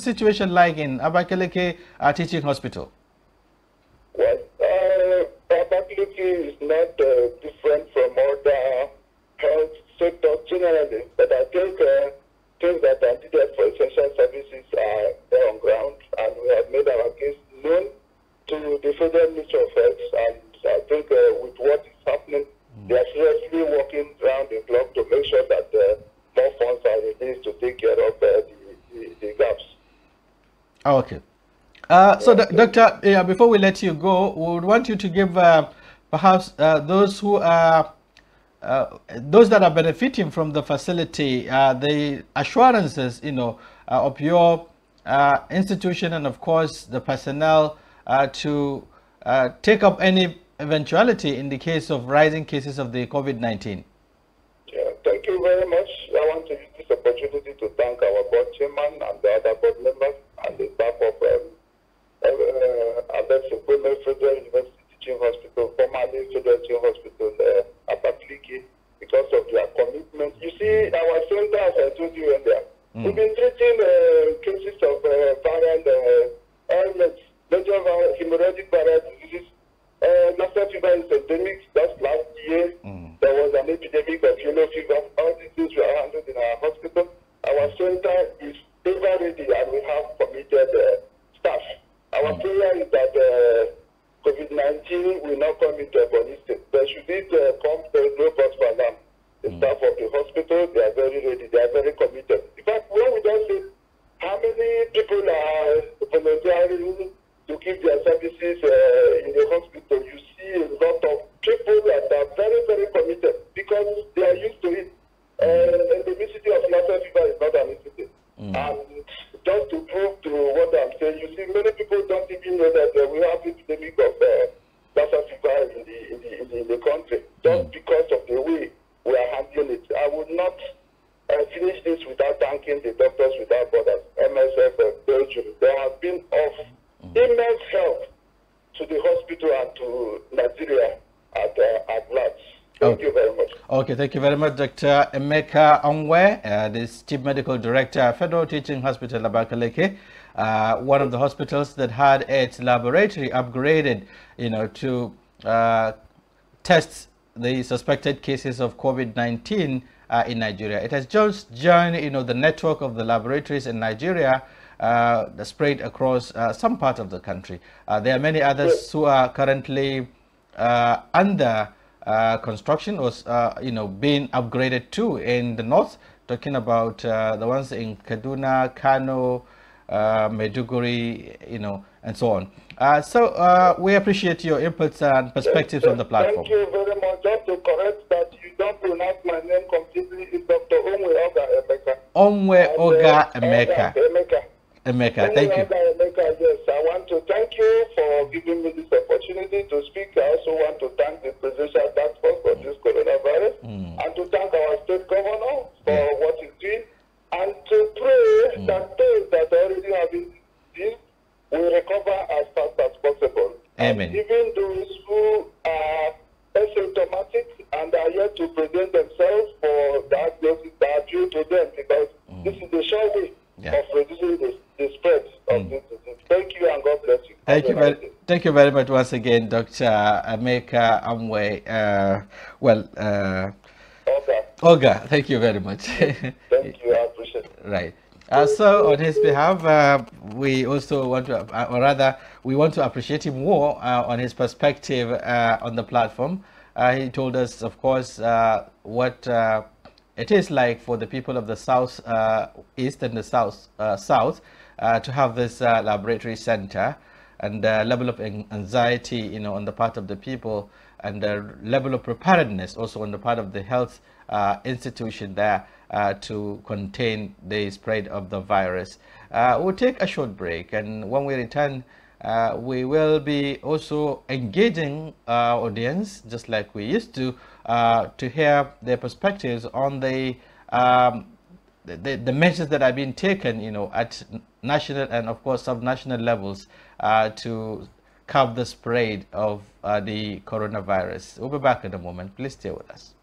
situation like in Abakeleke uh, Teaching Hospital? Well, uh, is not uh, different from other health sector generally, but I think uh, things that are needed for essential services are there on ground, and we have made our case known to the Federal Ministry of Health, and I think uh, with what is happening, mm. they are seriously working around the clock to make sure that uh, more funds are released to take care of uh, the, the, the gaps. Oh, okay. Uh, so, Doctor, yeah, before we let you go, we would want you to give uh, perhaps uh, those who are uh, those that are benefiting from the facility uh, the assurances, you know, uh, of your institution and of course the personnel to take up any eventuality in the case of rising cases of the COVID-19. Yeah, thank you very much. I want to use this opportunity to thank our board chairman and the other board members on the back of um, uh, Abel Federal University Teaching Hospital, formerly Federal Hospital, uh, Apatliki, because of their commitment. You see, our center, as I told you earlier, mm. we've been treating uh, cases of uh, viral uh, ailments, major hemorrhagic viral diseases. Uh, Master fever is endemic. That's last year. Mm. There was an epidemic of yellow fever. All these things were handled in our hospital. Our center is ever ready needed uh, staff. Our hmm. prayer is that uh, COVID-19 will not come into help to the hospital and to Nigeria at, uh, at large. Thank okay. you very much. Okay, thank you very much, Dr. Emeka Onwe, uh, the Chief Medical Director, Federal Teaching Hospital, Abakaleke. Uh, one of the hospitals that had its laboratory upgraded, you know, to uh, test the suspected cases of COVID-19 uh, in Nigeria. It has just joined, you know, the network of the laboratories in Nigeria uh, spread across uh, some part of the country. Uh, there are many others who are currently under construction or you know being upgraded too in the north. Talking about the ones in Kaduna, Kano, uh, you know, and so on. Uh, so uh, we appreciate your inputs and perspectives yes, on the platform. Thank you very much. Just to correct that you don't pronounce my name completely, it's Dr. Onwe Oga Emeka. Onwe Oga Emeka. Emeka. Emeka, thank you. Emeka, yes, I want to thank you for giving me this opportunity to speak. I also want to thank the Presidential Task Force for this coronavirus mm. and to thank our state governor for mm. what he's doing and to pray mm. that those that already have been dealt will recover as fast as possible. Amen. even those who are asymptomatic and are yet to present themselves for that diagnosis that due to them because mm. this is the sure way yeah. of reducing Thank you very, thank you very much once again, Dr. Ameka Amwe. Uh, well, uh, Olga. Olga, thank you very much. thank you, I appreciate it. Right. Uh, so on his behalf, uh, we also want to, uh, or rather, we want to appreciate him more uh, on his perspective uh, on the platform. Uh, he told us, of course, what it is like for the people of the South East and the South South to have this laboratory center and the level of anxiety, you know, on the part of the people and the level of preparedness also on the part of the health uh, institution there uh, to contain the spread of the virus. Uh, we'll take a short break and when we return, uh, we will be also engaging our audience just like we used to uh, to hear their perspectives on the um, the, the measures that have been taken, you know, at national and of course subnational levels uh, to curb the spread of uh, the coronavirus. We'll be back in a moment. Please stay with us.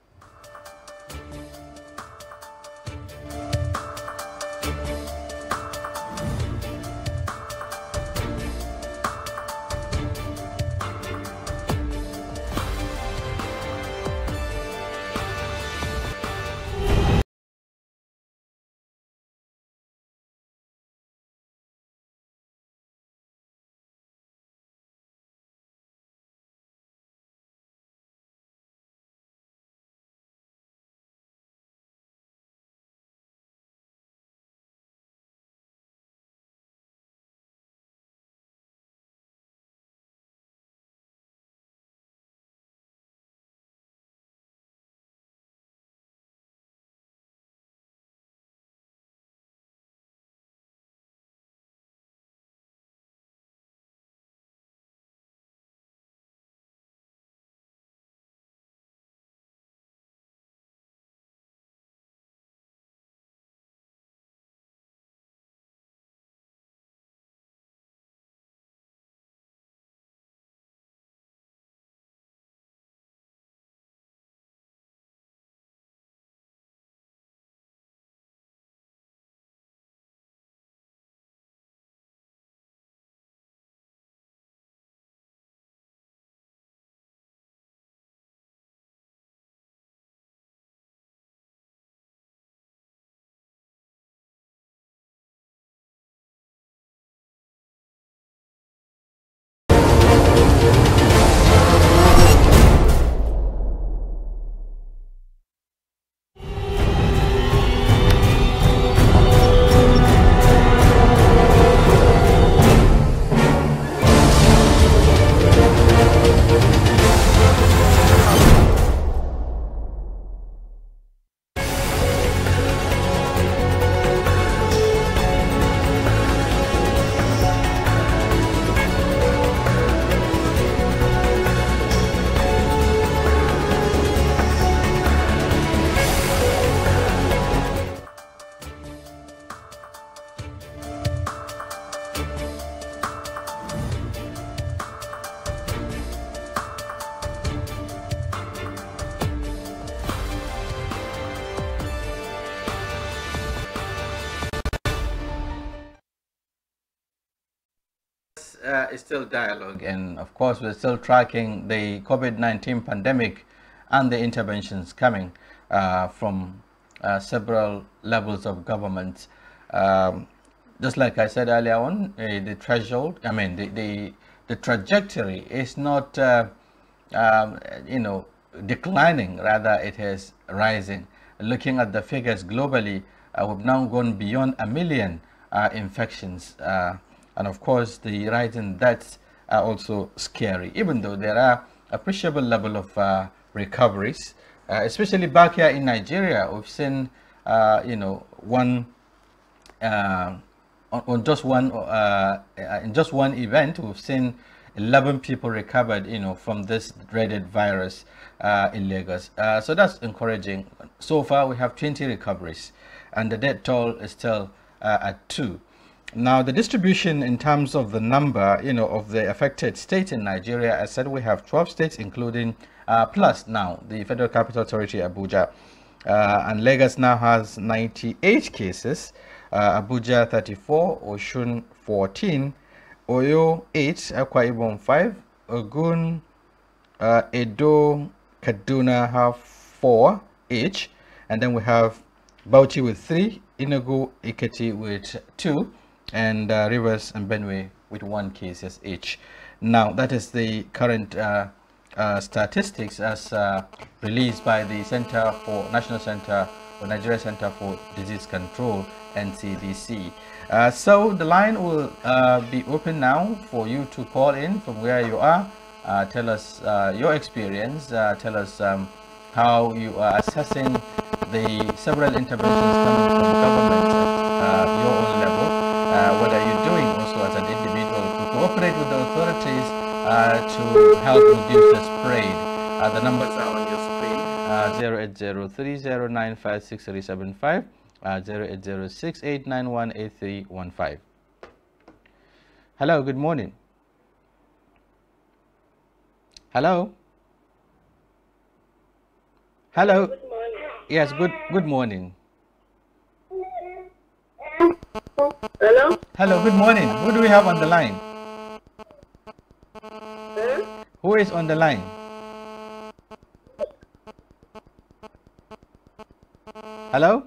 It's uh, is still dialogue, and of course, we're still tracking the COVID 19 pandemic and the interventions coming uh, from uh, several levels of government. Um, just like I said earlier on, uh, the threshold, I mean, the, the, the trajectory is not, uh, um, you know, declining, rather, it is rising. Looking at the figures globally, uh, we've now gone beyond a million infections and of course the rising deaths are also scary even though there are appreciable level of uh, recoveries uh, especially back here in Nigeria we've seen uh, you know one uh, on, on, just one uh, uh, in just one event we've seen 11 people recovered you know from this dreaded virus in Lagos so that's encouraging so far we have 20 recoveries and the death toll is still at two now, the distribution in terms of the number, you know, of the affected states in Nigeria, I said we have 12 states, including uh, plus now the Federal Capital Authority, Abuja. Uh, and Lagos now has 98 cases, uh, Abuja 34, Oshun 14, Oyo 8, Akwa Ibom 5, Ogun, uh, Edo, Kaduna have 4 each, and then we have Bauchi with 3, Inugu Iketi with 2, and uh, Rivers and Benway with one cases each. Now that is the current uh, uh, statistics as uh, released by the Center for National Center or Nigeria Center for Disease Control NCDC. Uh, so the line will uh, be open now for you to call in from where you are. tell us your experience. tell us um, how you are assessing the several interventions coming from government. your coordinate with the authorities uh, to help reduce the spread. Uh, the numbers are on your screen, uh, 080309567375, uh, Hello, good morning. Hello. Hello. Good morning. Yes, good good morning. Hello. Hello, good morning. Who do we have on the line? Who is on the line? Hello?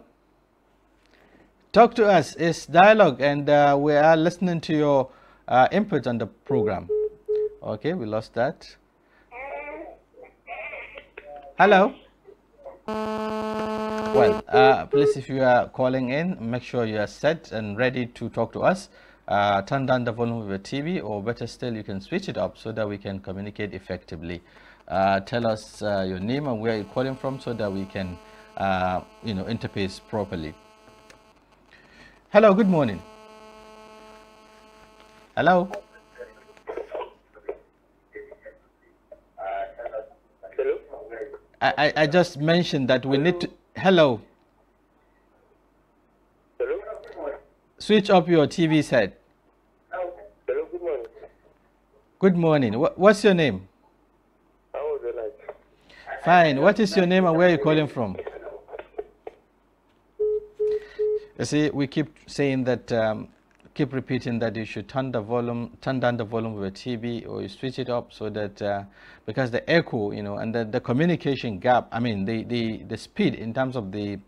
Talk to us. It's dialogue and uh, we are listening to your uh, input on the program. Okay, we lost that. Hello? Well, uh, please, if you are calling in, make sure you are set and ready to talk to us uh, turn down the volume of your TV or better still you can switch it up so that we can communicate effectively. Uh, tell us uh, your name and where you're calling from so that we can uh, you know interface properly. Hello, good morning. Hello. Hello. I, I just mentioned that we hello. need to hello. switch up your TV set. Good morning. What's your name? How would you like? Fine. What is your name and where are you calling from? You see, we keep saying that, um, keep repeating that you should turn the volume, turn down the volume of your TV or you switch it up so that, uh, because the echo, you know, and the, the communication gap, I mean, the, the, the speed in terms of the,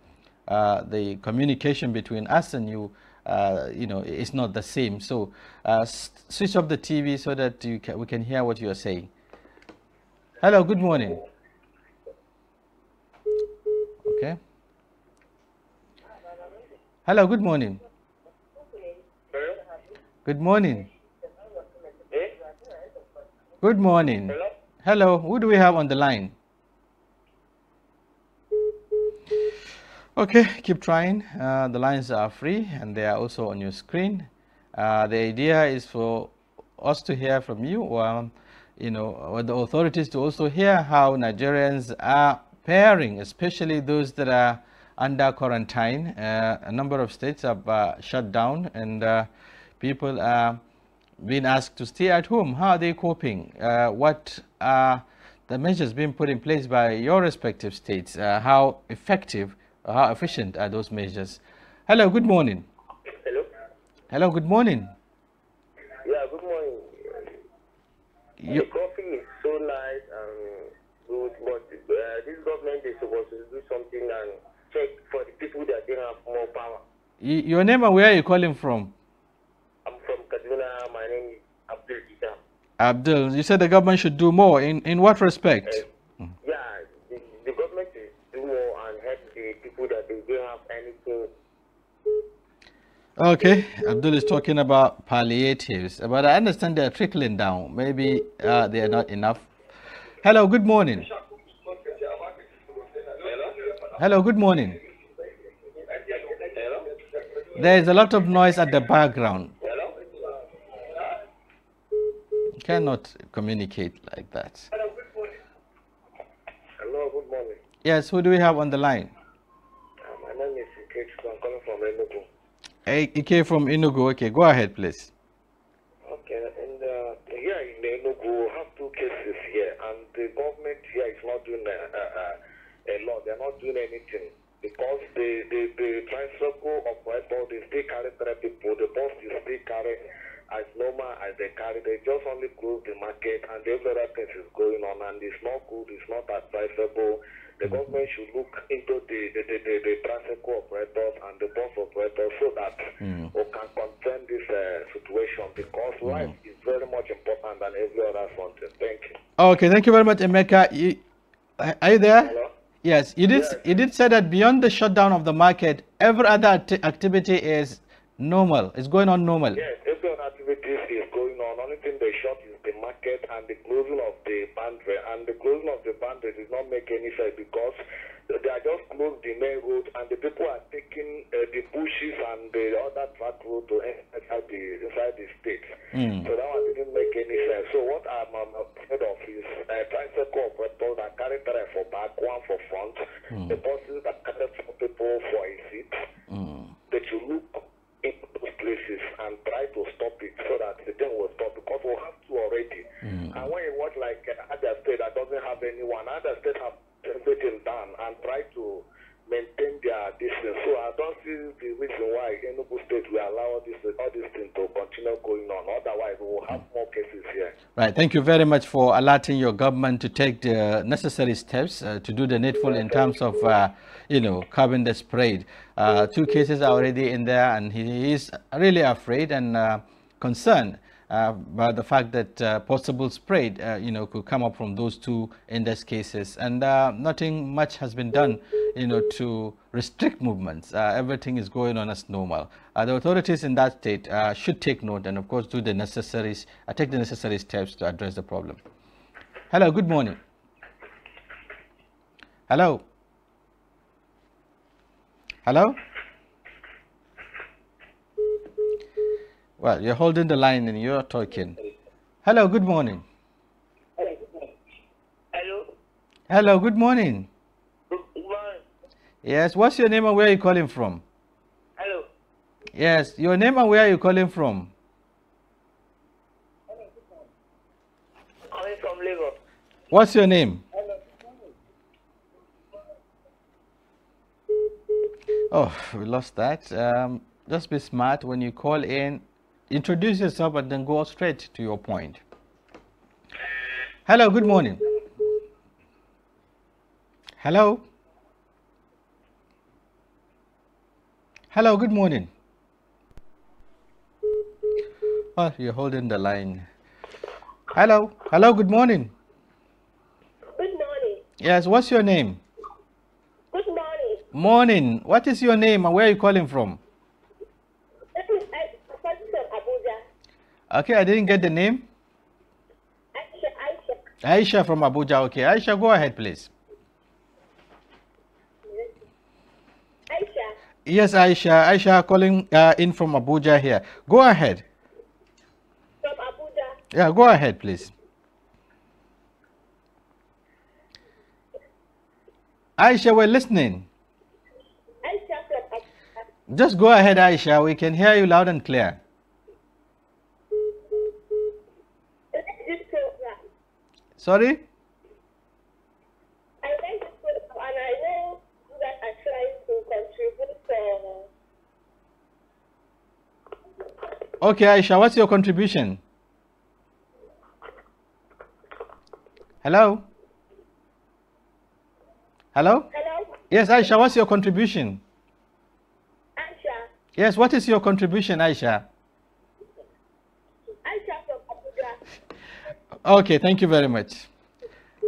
uh, the communication between us and you uh, you know, it's not the same. So uh, switch off the TV so that you we can hear what you are saying. Hello, good morning. Okay. Hello, good morning. Good morning. Eh? Good morning. Hello? Hello, who do we have on the line? Okay, keep trying. Uh, the lines are free and they are also on your screen. Uh, the idea is for us to hear from you, or um, you know, or the authorities to also hear how Nigerians are pairing, especially those that are under quarantine. Uh, a number of states have uh, shut down and uh, people are being asked to stay at home. How are they coping? Uh, what are the measures being put in place by your respective states? how effective how efficient are those measures? Hello, good morning. Hello. Hello, good morning. Yeah, good morning. You... The coffee is so nice and good, but uh, this government is supposed to do something and check for the people that they have more power. Y your name and where are you calling from? I'm from Kaduna. My name is Abdul Gita. Abdul, you said the government should do more. In in what respect? Uh, Okay, Abdul is talking about palliatives, but I understand they are trickling down. Maybe uh, they are not enough. Hello, good morning. Hello, good morning. There is a lot of noise at the background. You cannot communicate like that. Hello, good morning. Yes, who do we have on the line? Uh, my name is Kate. I'm coming from Enugu. Ike from Enugu. Okay, go ahead, please. Okay, and uh, here in Enugu, we have two cases here, and the government here is not doing a, uh, a, uh, a lot. They are not doing anything because the the, the tricycle operator they still carry three people, the bus is still carrying as normal as they carry. They just only close the market, and other everything is going on, and it's not good. It's not advisable. The government should look into the the, the, the, the transit cooperators and the bus operators so that mm. we can contain this uh, situation because mm. life is very much important than every other something. Thank you. Okay, thank you very much, Emeka. You, are you there? Hello? Yes, you did. Yes. You did say that beyond the shutdown of the market, every other activity is normal. It's going on normal. Yes, every other activity is going on. Only thing they shut is the market and the closing of the boundary. And the closing of the boundary did not make any sense and the people are taking uh, the bushes and the other track road to inside the, inside the state. Mm. So that I don't see the reason why in Enugu State will allow all this, all these things to continue going on. Otherwise, we will have more cases here. Right. Thank you very much for alerting your government to take the necessary steps uh, to do the needful in terms of, uh, you know, curbing the spread. Uh, two cases are already in there, and he is really afraid and uh, concerned uh, by the fact that uh, possible spread, uh, you know, could come up from those two index cases. And nothing much has been done, you know, to restrict movements. everything is going on as normal. the authorities in that state should take note and, of course, do the necessary, take the necessary steps to address the problem. Hello, good morning. Hello? Hello? Well, you're holding the line and you're talking. Hello, good morning. Hello. Hello, good morning. Good morning. Yes, what's your name and where are you calling from? Hello. Yes, your name and where are you calling from? Calling from Lagos. What's your name? Hello. Oh, we lost that. Um, just be smart when you call in Introduce yourself and then go straight to your point. Hello, good morning. Hello. Hello, good morning. Oh, you're holding the line. Hello. Hello, good morning. Good morning. Yes, what's your name? Good morning. Morning. What is your name and where are you calling from? Okay, I didn't get the name. Aisha, Aisha. Aisha from Abuja. Okay, Aisha, go ahead, please. Aisha. Yes, Aisha. Aisha calling uh, in from Abuja here. Go ahead. From Abuja. Yeah, go ahead, please. Aisha, we're listening. Aisha from Just go ahead, Aisha. We can hear you loud and clear. Sorry? Uh, okay, Aisha, what's your contribution? Hello? Hello? Hello? Yes, Aisha, what's your contribution? Aisha. Yes, what is your contribution, Aisha? Okay, thank you very much.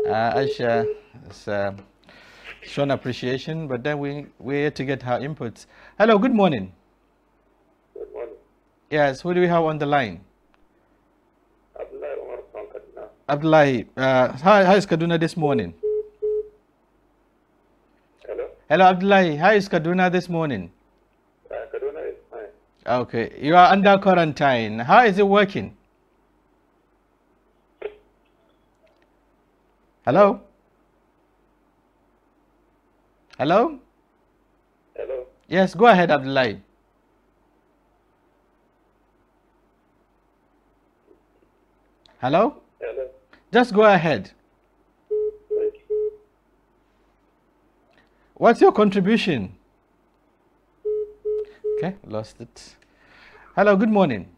Uh, Aisha has uh, shown appreciation, but then we, we're here to get her inputs. Hello, good morning. Good morning. Yes, who do we have on the line? Abdullahi from Kaduna. Abdullahi, uh, how, how is Kaduna this morning? Hello. Hello, Abdullahi. How is Kaduna this morning? Uh, Kaduna is fine. Okay, you are under quarantine. How is it working? Hello? Hello? Hello? Yes, go ahead, Abdullahi. Hello? Hello? Just go ahead. What's your contribution? Okay, lost it. Hello, good morning.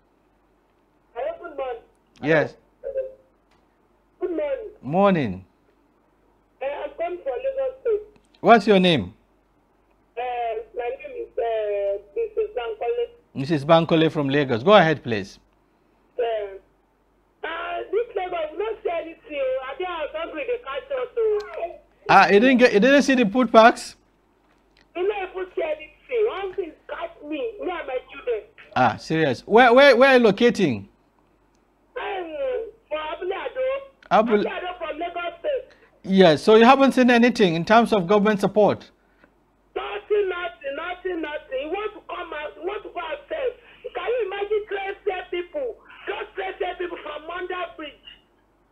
Hello, good morning. Yes. Good morning. Morning. What's your name? Uh, my name is uh, Mrs. Bankole. Mrs. Bankole from Lagos. Go ahead, please. uh, uh oh. I oh. Ah, you didn't get. You didn't see the put packs. You know, see anything. One thing me. Me and my children. Ah, serious. Where, where, where are you locating? Um, for Abulado. Abulado. Yes, so you haven't seen anything in terms of government support? Nothing, nothing, nothing, nothing. You want to come out, you want to go outside. Can you imagine Tracer people? Just Tracer people from Manda Bridge.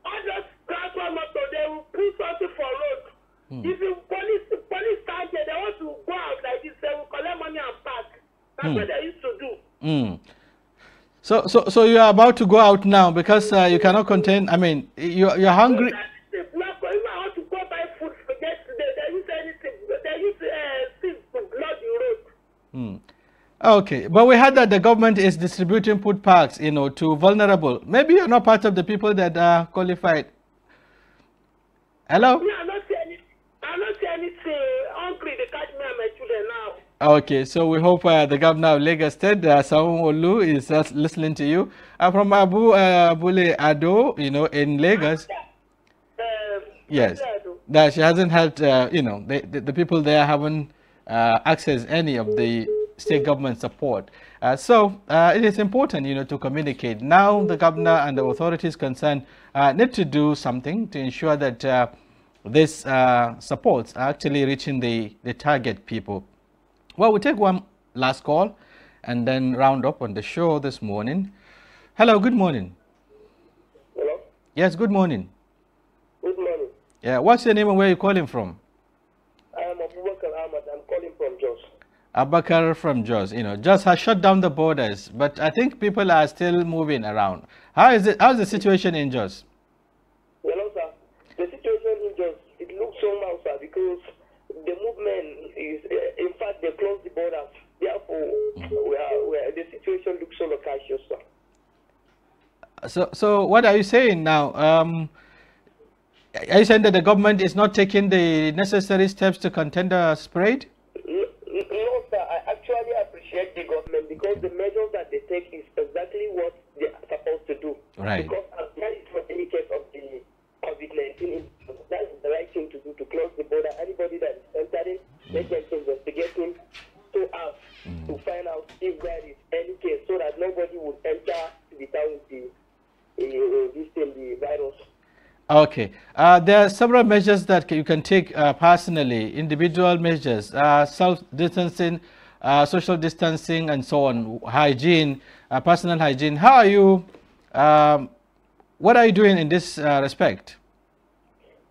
All those transform motor, they will put something for road. Hmm. If you police, police stand there, they want to go out like this, they will collect money and pack. That's hmm. what they used to do. Hmm. So, so, so you are about to go out now because uh, you cannot contain. I mean, you you're hungry. Exactly. Hmm. Okay, but we heard that the government is distributing food packs, you know, to vulnerable. Maybe you're not part of the people that are qualified. Hello? No, I am not seeing. anything. I am not seeing anything. Hungry, they catch me and my children now. Okay, so we hope uh, the governor of Lagos State, uh, Sawun Olu, is uh, listening to you. I'm uh, from Abu uh, Abule Ado, you know, in Lagos. Ah, um, yes. That she hasn't helped, uh, you know, the, the people there haven't uh, access any of the state government support. Uh, so uh, it is important, you know, to communicate. Now the governor and the authorities concerned uh, need to do something to ensure that uh, these uh, supports are actually reaching the, the target people. Well, we take one last call and then round up on the show this morning. Hello, good morning. Hello? Yes, good morning. Good morning. Yeah, what's your name and where are you calling from? Ahmad. I'm calling from Jos. Abakar from Jos. You know, Jos has shut down the borders, but I think people are still moving around. How is it? How's the situation in Jos? Well, sir, the situation in Jos it looks somehow, sir, because the movement is, eh, in fact, they closed the borders. Therefore, mm -hmm. we are, we are, the situation looks so loquacious, sir. So, so what are you saying now? Um, are you saying that the government is not taking the necessary steps to contend the spread? No, sir. I actually appreciate the government because the measures that they take is exactly what they are supposed to do. Right. Because that is for any case of the COVID-19. That is the right thing to do, to close the border. Anybody that is entering, mm. they to investigate him to ask, mm. to find out if there is Okay. Uh, there are several measures that you can take uh, personally, individual measures, uh, self-distancing, uh, social distancing, and so on, hygiene, uh, personal hygiene. How are you, um, what are you doing in this uh, respect?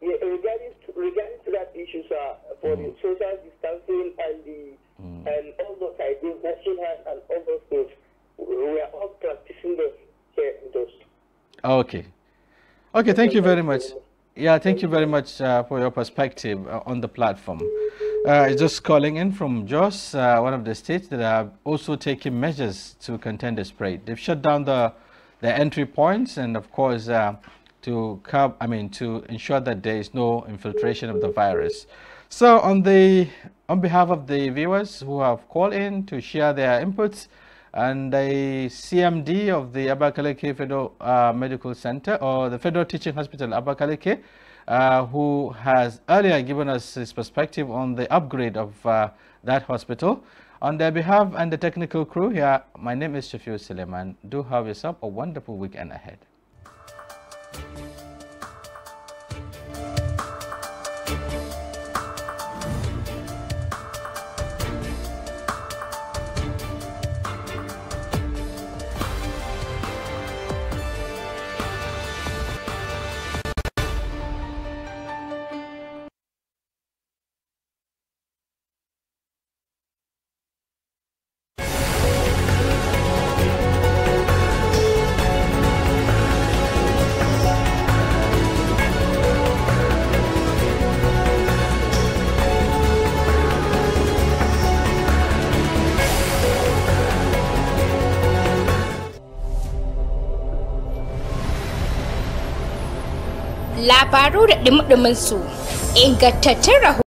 Yeah, regarding, to, regarding to that issue, sir, for mm. the social distancing and the mm. and all those hygiene, washing hands and all those things, we are all practicing those those. Okay. Okay, thank you very much. Yeah, thank you very much uh, for your perspective uh, on the platform. Uh, just calling in from Jos, uh, one of the states that are also taking measures to contain the spread. They've shut down the the entry points and, of course, uh, to curb, I mean, to ensure that there is no infiltration of the virus. So, on the on behalf of the viewers who have called in to share their inputs and the CMD of the Abakaleke Federal uh, Medical Center or the Federal Teaching Hospital Abakaleke, uh, who has earlier given us his perspective on the upgrade of uh, that hospital. On their behalf and the technical crew here, my name is Shafiu Suleiman. Do have yourself a wonderful weekend ahead. labaru da su ingantattun rahoton